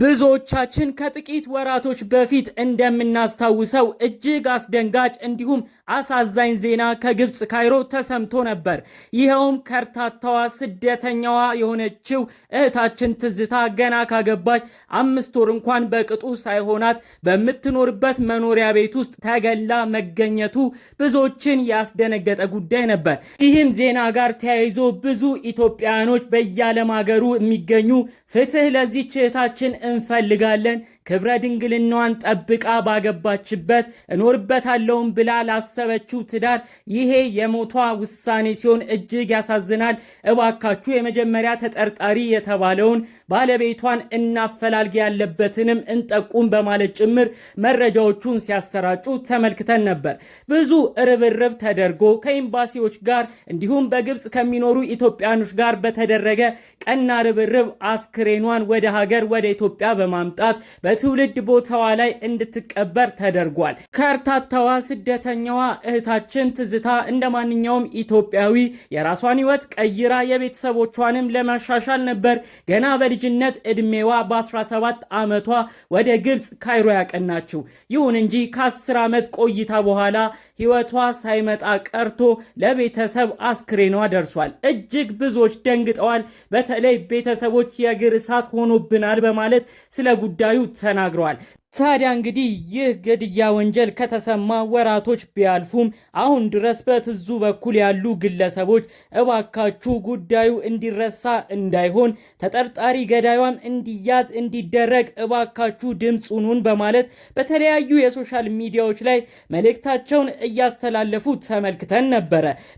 ብዙዎቻችን ከጥቂት ወራቶች በፊት እንደምናስታውሰው እጅግ አስደንጋጭ እንዲሁም አሳዛኝ ዜና ከግብፅ ካይሮ ተሰምቶ ነበር። ይኸውም ከርታታዋ ስደተኛዋ የሆነችው እህታችን ትዝታ ገና ካገባች አምስት ወር እንኳን በቅጡ ሳይሆናት በምትኖርበት መኖሪያ ቤት ውስጥ ተገላ መገኘቱ ብዙዎችን ያስደነገጠ ጉዳይ ነበር። ይህም ዜና ጋር ተያይዞ ብዙ ኢትዮጵያውያኖች በየዓለም ሀገሩ የሚገኙ ፍትህ ለዚች እህታችን እንፈልጋለን። ክብረ ድንግልናዋን ጠብቃ ባገባችበት እኖርበታለሁም ብላ ላሰበችው ትዳር ይሄ የሞቷ ውሳኔ ሲሆን እጅግ ያሳዝናል። እባካችሁ የመጀመሪያ ተጠርጣሪ የተባለውን ባለቤቷን እናፈላልግ ያለበትንም እንጠቁም በማለት ጭምር መረጃዎቹን ሲያሰራጩ ተመልክተን ነበር። ብዙ ርብርብ ተደርጎ ከኤምባሲዎች ጋር እንዲሁም በግብፅ ከሚኖሩ ኢትዮጵያኖች ጋር በተደረገ ቀና ርብርብ አስክሬኗን ወደ ሀገር ወደ ኢትዮጵያ በማምጣት በትውልድ ቦታዋ ላይ እንድትቀበር ተደርጓል። ከርታታዋ ስደተኛዋ እህታችን ትዝታ እንደ ማንኛውም ኢትዮጵያዊ የራሷን ህይወት ቀይራ የቤተሰቦቿንም ለማሻሻል ነበር ገና በልጅነት ዕድሜዋ በ17 ዓመቷ ወደ ግብፅ ካይሮ ያቀናችው። ይሁን እንጂ ከ10 ዓመት ቆይታ በኋላ ሕይወቷ ሳይመጣ ቀርቶ ለቤተሰብ አስክሬኗ ደርሷል። እጅግ ብዙዎች ደንግጠዋል። በተለይ ቤተሰቦች የእግር እሳት ሆኖብናል በማለት ስለ ጉዳዩ ተናግረዋል። ታዲያ እንግዲህ ይህ ግድያ ወንጀል ከተሰማ ወራቶች ቢያልፉም አሁን ድረስ በትዙ በኩል ያሉ ግለሰቦች እባካችሁ ጉዳዩ እንዲረሳ እንዳይሆን፣ ተጠርጣሪ ገዳዩም እንዲያዝ እንዲደረግ እባካችሁ ድምፅ ኑን በማለት በተለያዩ የሶሻል ሚዲያዎች ላይ መልእክታቸውን እያስተላለፉ ተመልክተን ነበረ።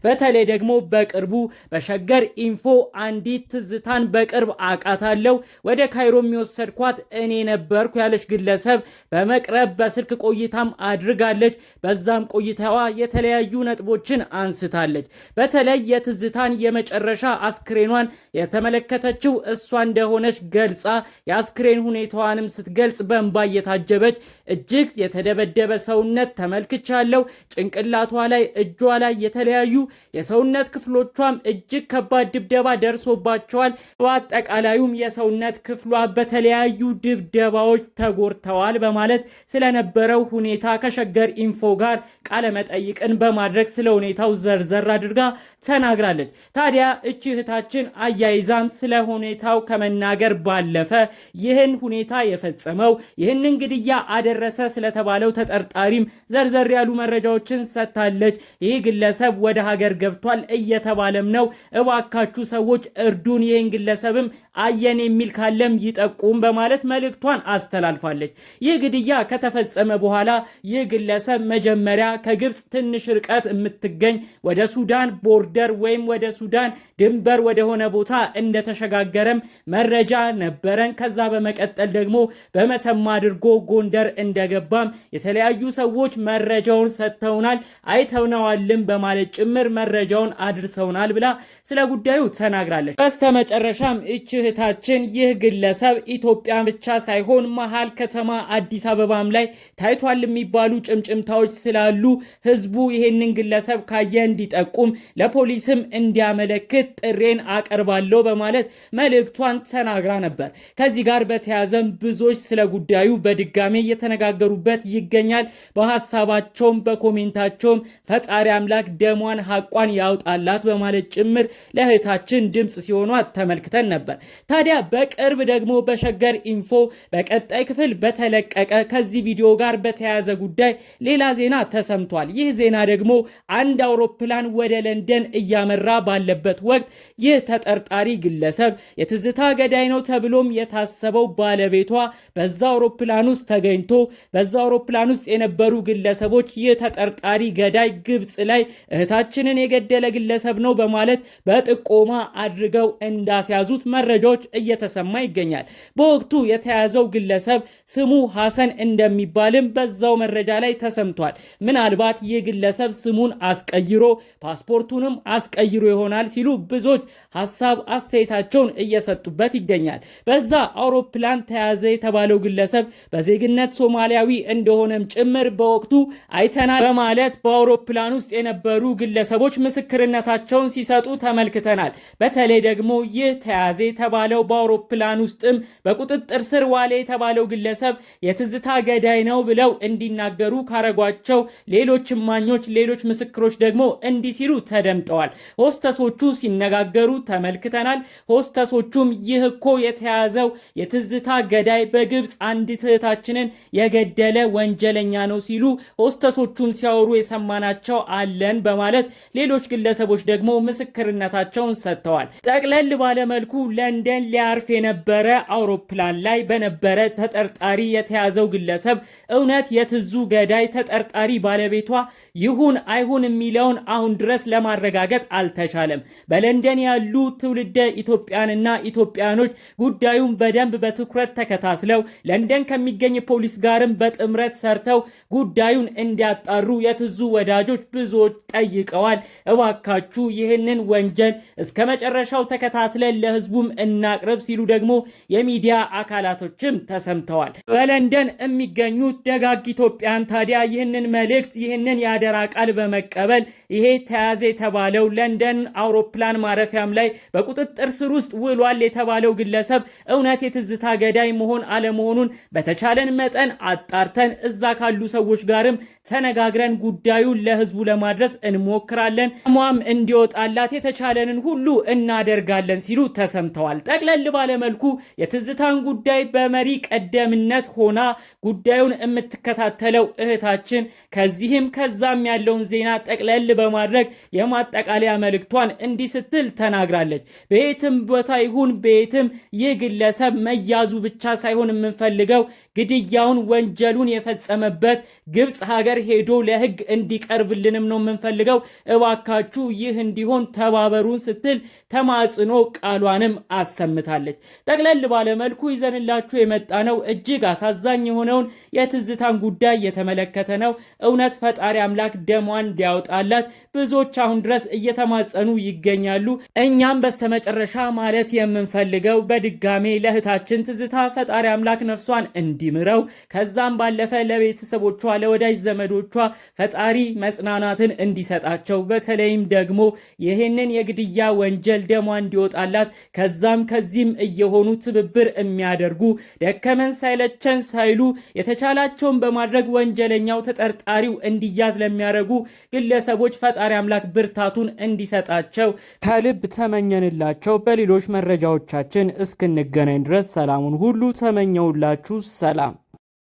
በተለይ ደግሞ በቅርቡ በሸገር ኢንፎ አንዲት ትዝታን በቅርብ አቃታለው ወደ ካይሮ የሚወሰድኳት እኔ ነበርኩ ያለች ግለሰብ በመቅረብ በመቅረብ በስልክ ቆይታም አድርጋለች። በዛም ቆይታዋ የተለያዩ ነጥቦችን አንስታለች። በተለይ የትዝታን የመጨረሻ አስክሬኗን የተመለከተችው እሷ እንደሆነች ገልጻ የአስክሬን ሁኔታዋንም ስትገልጽ በእንባ እየታጀበች እጅግ የተደበደበ ሰውነት ተመልክቻለሁ። ጭንቅላቷ ላይ፣ እጇ ላይ የተለያዩ የሰውነት ክፍሎቿም እጅግ ከባድ ድብደባ ደርሶባቸዋል። በአጠቃላዩም የሰውነት ክፍሏ በተለያዩ ድብደባዎች ተጎድተዋል። ተደርገዋል በማለት ስለነበረው ሁኔታ ከሸገር ኢንፎ ጋር ቃለመጠይቅን በማድረግ ስለ ሁኔታው ዘርዘር አድርጋ ተናግራለች። ታዲያ እቺ እህታችን አያይዛም ስለ ሁኔታው ከመናገር ባለፈ ይህን ሁኔታ የፈጸመው ይህንን ግድያ አደረሰ ስለተባለው ተጠርጣሪም ዘርዘር ያሉ መረጃዎችን ሰጥታለች። ይህ ግለሰብ ወደ ሀገር ገብቷል እየተባለም ነው። እባካችሁ ሰዎች እርዱን፣ ይህን ግለሰብም አየን የሚል ካለም ይጠቁም በማለት መልእክቷን አስተላልፋለች። ይህ ግድያ ከተፈጸመ በኋላ ይህ ግለሰብ መጀመሪያ ከግብፅ ትንሽ ርቀት የምትገኝ ወደ ሱዳን ቦርደር ወይም ወደ ሱዳን ድንበር ወደሆነ ቦታ እንደተሸጋገረም መረጃ ነበረን። ከዛ በመቀጠል ደግሞ በመተማ አድርጎ ጎንደር እንደገባም የተለያዩ ሰዎች መረጃውን ሰጥተውናል፣ አይተውነዋልም በማለት ጭምር መረጃውን አድርሰውናል ብላ ስለ ጉዳዩ ተናግራለች። በስተመጨረሻም እች እህታችን ይህ ግለሰብ ኢትዮጵያ ብቻ ሳይሆን መሀል ከተማ አዲስ አበባም ላይ ታይቷል የሚባሉ ጭምጭምታዎች ስላሉ ህዝቡ ይሄንን ግለሰብ ካየ እንዲጠቁም ለፖሊስም እንዲያመለክት ጥሬን አቀርባለሁ በማለት መልእክቷን ተናግራ ነበር። ከዚህ ጋር በተያዘም ብዙዎች ስለ ጉዳዩ በድጋሜ እየተነጋገሩበት ይገኛል። በሀሳባቸውም በኮሜንታቸውም ፈጣሪ አምላክ ደሟን ሀቋን ያውጣላት በማለት ጭምር ለእህታችን ድምፅ ሲሆኗት ተመልክተን ነበር። ታዲያ በቅርብ ደግሞ በሸገር ኢንፎ በቀጣይ ክፍል በተለ ተለቀቀ። ከዚህ ቪዲዮ ጋር በተያያዘ ጉዳይ ሌላ ዜና ተሰምቷል። ይህ ዜና ደግሞ አንድ አውሮፕላን ወደ ለንደን እያመራ ባለበት ወቅት ይህ ተጠርጣሪ ግለሰብ የትዝታ ገዳይ ነው ተብሎም የታሰበው ባለቤቷ በዛ አውሮፕላን ውስጥ ተገኝቶ በዛ አውሮፕላን ውስጥ የነበሩ ግለሰቦች ይህ ተጠርጣሪ ገዳይ ግብፅ ላይ እህታችንን የገደለ ግለሰብ ነው በማለት በጥቆማ አድርገው እንዳስያዙት መረጃዎች እየተሰማ ይገኛል። በወቅቱ የተያዘው ግለሰብ ስሙ ሐሰን እንደሚባልም በዛው መረጃ ላይ ተሰምቷል። ምናልባት ይህ ግለሰብ ስሙን አስቀይሮ ፓስፖርቱንም አስቀይሮ ይሆናል ሲሉ ብዙዎች ሀሳብ አስተያየታቸውን እየሰጡበት ይገኛል። በዛ አውሮፕላን ተያዘ የተባለው ግለሰብ በዜግነት ሶማሊያዊ እንደሆነም ጭምር በወቅቱ አይተናል በማለት በአውሮፕላን ውስጥ የነበሩ ግለሰቦች ምስክርነታቸውን ሲሰጡ ተመልክተናል። በተለይ ደግሞ ይህ ተያዘ የተባለው በአውሮፕላን ውስጥም በቁጥጥር ስር ዋለ የተባለው ግለሰብ የትዝታ ገዳይ ነው ብለው እንዲናገሩ ካረጓቸው ሌሎች እማኞች፣ ሌሎች ምስክሮች ደግሞ እንዲህ ሲሉ ተደምጠዋል። ሆስተሶቹ ሲነጋገሩ ተመልክተናል። ሆስተሶቹም ይህ እኮ የተያዘው የትዝታ ገዳይ በግብፅ አንዲት እህታችንን የገደለ ወንጀለኛ ነው ሲሉ ሆስተሶቹን ሲያወሩ የሰማናቸው አለን በማለት ሌሎች ግለሰቦች ደግሞ ምስክርነታቸውን ሰጥተዋል። ጠቅለል ባለመልኩ ለንደን ሊያርፍ የነበረ አውሮፕላን ላይ በነበረ ተጠርጣሪ የተያዘው ግለሰብ እውነት የትዙ ገዳይ ተጠርጣሪ ባለቤቷ ይሁን አይሁን የሚለውን አሁን ድረስ ለማረጋገጥ አልተቻለም። በለንደን ያሉ ትውልደ ኢትዮጵያንና ኢትዮጵያኖች ጉዳዩን በደንብ በትኩረት ተከታትለው ለንደን ከሚገኝ ፖሊስ ጋርም በጥምረት ሰርተው ጉዳዩን እንዲያጣሩ የትዙ ወዳጆች ብዙዎች ጠይቀዋል። እባካችሁ ይህንን ወንጀል እስከ መጨረሻው ተከታትለን ለህዝቡም እናቅርብ ሲሉ ደግሞ የሚዲያ አካላቶችም ተሰምተዋል። በለንደን የሚገኙት ደጋግ ኢትዮጵያን ታዲያ ይህንን መልእክት ይህንን የአደራ ቃል በመቀበል ይሄ ተያዘ የተባለው ለንደን አውሮፕላን ማረፊያም ላይ በቁጥጥር ስር ውስጥ ውሏል የተባለው ግለሰብ እውነት የትዝታ ገዳይ መሆን አለመሆኑን በተቻለን መጠን አጣርተን እዛ ካሉ ሰዎች ጋርም ተነጋግረን ጉዳዩን ለህዝቡ ለማድረስ እንሞክራለን። ሟም እንዲወጣላት የተቻለንን ሁሉ እናደርጋለን ሲሉ ተሰምተዋል። ጠቅለል ባለመልኩ የትዝታን ጉዳይ በመሪ ቀደምነት ሆና ጉዳዩን የምትከታተለው እህታችን ከዚህም ከዛም ያለውን ዜና ጠቅለል በማድረግ የማጠቃለያ መልእክቷን እንዲህ ስትል ተናግራለች። በየትም ቦታ ይሁን በየትም ይህ ግለሰብ መያዙ ብቻ ሳይሆን የምንፈልገው ግድያውን ወንጀሉን የፈጸመበት ግብፅ ሀገር ሄዶ ለህግ እንዲቀርብልንም ነው የምንፈልገው። እባካችሁ ይህ እንዲሆን ተባበሩን ስትል ተማጽኖ ቃሏንም አሰምታለች። ጠቅለል ባለመልኩ ይዘንላችሁ የመጣ ነው እጅግ አሳዛኝ የሆነውን የትዝታን ጉዳይ የተመለከተ ነው። እውነት ፈጣሪ አምላክ ደሟን እንዲያወጣላት ብዙዎች አሁን ድረስ እየተማጸኑ ይገኛሉ። እኛም በስተመጨረሻ ማለት የምንፈልገው በድጋሜ ለእህታችን ትዝታ ፈጣሪ አምላክ ነፍሷን እንዲ ይምረው። ከዛም ባለፈ ለቤተሰቦቿ ለወዳጅ ዘመዶቿ ፈጣሪ መጽናናትን እንዲሰጣቸው በተለይም ደግሞ ይህንን የግድያ ወንጀል ደሟ እንዲወጣላት ከዛም ከዚህም እየሆኑ ትብብር የሚያደርጉ ደከመን ሳይለቸን ሳይሉ የተቻላቸውን በማድረግ ወንጀለኛው ተጠርጣሪው እንዲያዝ ለሚያደርጉ ግለሰቦች ፈጣሪ አምላክ ብርታቱን እንዲሰጣቸው ከልብ ተመኘንላቸው። በሌሎች መረጃዎቻችን እስክንገናኝ ድረስ ሰላሙን ሁሉ ተመኘውላችሁ። ሰላም voilà.